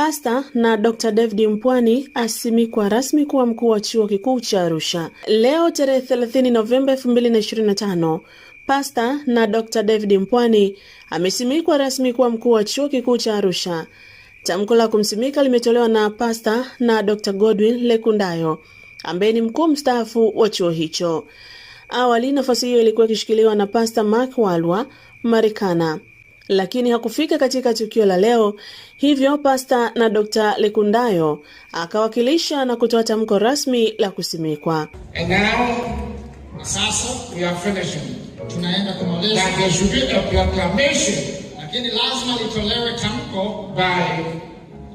Pasta na Dr. David Mpwani asimikwa rasmi kuwa mkuu wa Chuo Kikuu cha Arusha. Leo tarehe 30 Novemba 2025, Pasta na Dr. David Mpwani amesimikwa rasmi kuwa mkuu wa Chuo Kikuu cha Arusha. Tamko la kumsimika limetolewa na Pasta na Dr. Godwin Lekundayo ambaye ni mkuu mstaafu wa chuo hicho. Awali nafasi hiyo ilikuwa ikishikiliwa na Pasta Mark Walwa Marekana lakini hakufika katika tukio la leo, hivyo Pasta na Dr. Lekundayo akawakilisha na kutoa tamko rasmi la kusimikwa. lakini lazima litolewe tamko by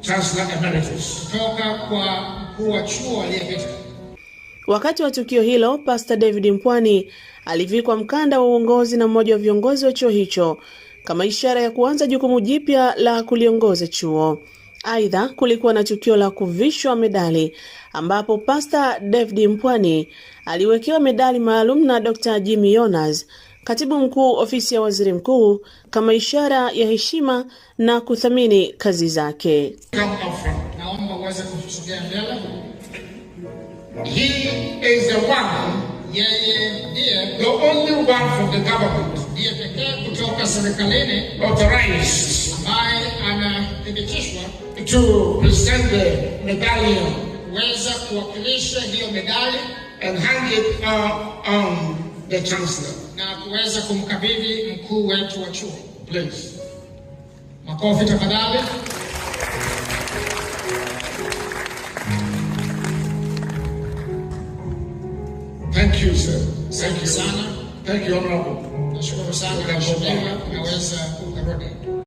Chancellor Emeritus kutoka kwa mkuu wa chuo aliyepita. Wakati wa tukio hilo, Pastor David Mpwani alivikwa mkanda wa uongozi na mmoja wa viongozi wa chuo hicho kama ishara ya kuanza jukumu jipya la kuliongoza chuo. Aidha, kulikuwa na tukio la kuvishwa medali ambapo Pasta David Mpwani aliwekewa medali maalum na Dr. Jimmy Yonas, katibu mkuu ofisi ya waziri mkuu, kama ishara ya heshima na kuthamini kazi zake. He is the one, yeye the only one from the government, ndiye kutoka serikalini authorized ambaye anathibitishwa to present the medallion kuweza kuwakilisha hiyo medali and hang it uh, on the chancellor na kuweza kumkabidhi mkuu wetu wa chuo. Please, makofi tafadhali. Thank you sir. Thank you sana. Thank you, Honorable.